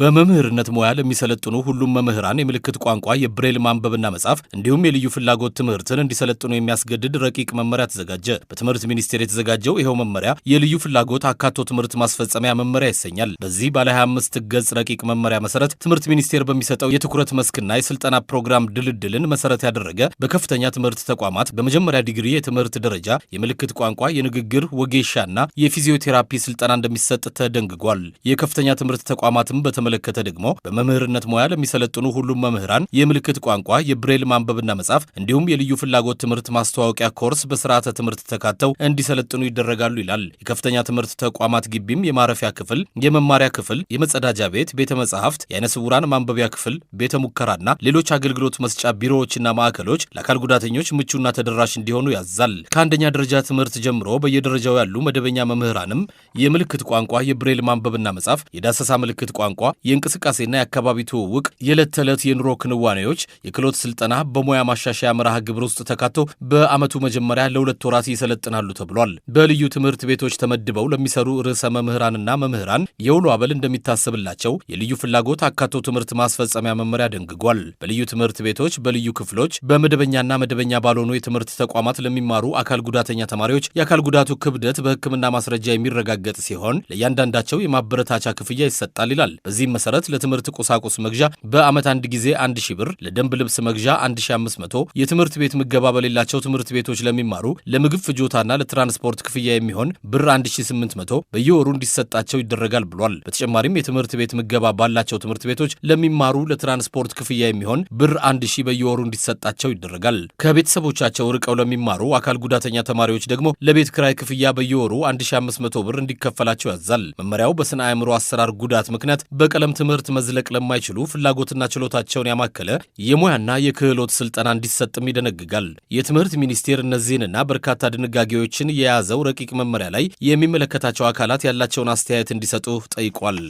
በመምህርነት ሙያ ለሚሰለጥኑ ሁሉም መምህራን የምልክት ቋንቋ የብሬል ማንበብና መጻፍ እንዲሁም የልዩ ፍላጎት ትምህርትን እንዲሰለጥኑ የሚያስገድድ ረቂቅ መመሪያ ተዘጋጀ። በትምህርት ሚኒስቴር የተዘጋጀው ይኸው መመሪያ የልዩ ፍላጎት አካቶ ትምህርት ማስፈጸሚያ መመሪያ ይሰኛል። በዚህ ባለ 25 ገጽ ረቂቅ መመሪያ መሰረት ትምህርት ሚኒስቴር በሚሰጠው የትኩረት መስክና የስልጠና ፕሮግራም ድልድልን መሰረት ያደረገ በከፍተኛ ትምህርት ተቋማት በመጀመሪያ ዲግሪ የትምህርት ደረጃ የምልክት ቋንቋ፣ የንግግር ወጌሻና የፊዚዮቴራፒ ስልጠና እንደሚሰጥ ተደንግጓል። የከፍተኛ ትምህርት ተቋማትም በተመ በተመለከተ ደግሞ በመምህርነት ሙያ ለሚሰለጥኑ ሁሉም መምህራን የምልክት ቋንቋ የብሬል ማንበብና መጻፍ እንዲሁም የልዩ ፍላጎት ትምህርት ማስተዋወቂያ ኮርስ በስርዓተ ትምህርት ተካተው እንዲሰለጥኑ ይደረጋሉ ይላል። የከፍተኛ ትምህርት ተቋማት ግቢም የማረፊያ ክፍል፣ የመማሪያ ክፍል፣ የመጸዳጃ ቤት፣ ቤተ መጻሕፍት፣ የአይነ ስውራን ማንበቢያ ክፍል፣ ቤተ ሙከራና ሌሎች አገልግሎት መስጫ ቢሮዎችና ማዕከሎች ለአካል ጉዳተኞች ምቹና ተደራሽ እንዲሆኑ ያዛል። ከአንደኛ ደረጃ ትምህርት ጀምሮ በየደረጃው ያሉ መደበኛ መምህራንም የምልክት ቋንቋ የብሬል ማንበብና መጻፍ፣ የዳሰሳ ምልክት ቋንቋ፣ የእንቅስቃሴና የአካባቢ ትውውቅ፣ የዕለት ተዕለት የኑሮ ክንዋኔዎች፣ የክህሎት ስልጠና በሙያ ማሻሻያ መርሃ ግብር ውስጥ ተካቶ በዓመቱ መጀመሪያ ለሁለት ወራት ይሰለጥናሉ ተብሏል። በልዩ ትምህርት ቤቶች ተመድበው ለሚሰሩ ርዕሰ መምህራንና መምህራን የውሎ አበል እንደሚታሰብላቸው የልዩ ፍላጎት አካቶ ትምህርት ማስፈጸሚያ መመሪያ ደንግጓል። በልዩ ትምህርት ቤቶች፣ በልዩ ክፍሎች፣ በመደበኛና መደበኛ ባልሆኑ የትምህርት ተቋማት ለሚማሩ አካል ጉዳተኛ ተማሪዎች የአካል ጉዳቱ ክብደት በሕክምና ማስረጃ የሚረጋገጥ ሲሆን ለእያንዳንዳቸው የማበረታቻ ክፍያ ይሰጣል ይላል። በዚህም መሰረት ለትምህርት ቁሳቁስ መግዣ በአመት አንድ ጊዜ አንድ ሺህ ብር፣ ለደንብ ልብስ መግዣ መቶ የትምህርት ቤት ምገባ በሌላቸው ትምህርት ቤቶች ለሚማሩ ለምግብ ፍጆታና ለትራንስፖርት ክፍያ የሚሆን ብር 1ሺ8 መቶ በየወሩ እንዲሰጣቸው ይደረጋል ብሏል። በተጨማሪም የትምህርት ቤት ምገባ ባላቸው ትምህርት ቤቶች ለሚማሩ ለትራንስፖርት ክፍያ የሚሆን ብር 1ሺ በየወሩ እንዲሰጣቸው ይደረጋል። ከቤተሰቦቻቸው ርቀው ለሚማሩ አካል ጉዳተኛ ተማሪዎች ደግሞ ለቤት ክራይ ክፍያ በየወሩ 1500 ብር እንዲከፈላቸው ያዛል። መመሪያው በስነ አእምሮ አሰራር ጉዳት ምክንያት በ በቀለም ትምህርት መዝለቅ ለማይችሉ ፍላጎትና ችሎታቸውን ያማከለ የሙያና የክህሎት ስልጠና እንዲሰጥም ይደነግጋል። የትምህርት ሚኒስቴር እነዚህንና በርካታ ድንጋጌዎችን የያዘው ረቂቅ መመሪያ ላይ የሚመለከታቸው አካላት ያላቸውን አስተያየት እንዲሰጡ ጠይቋል።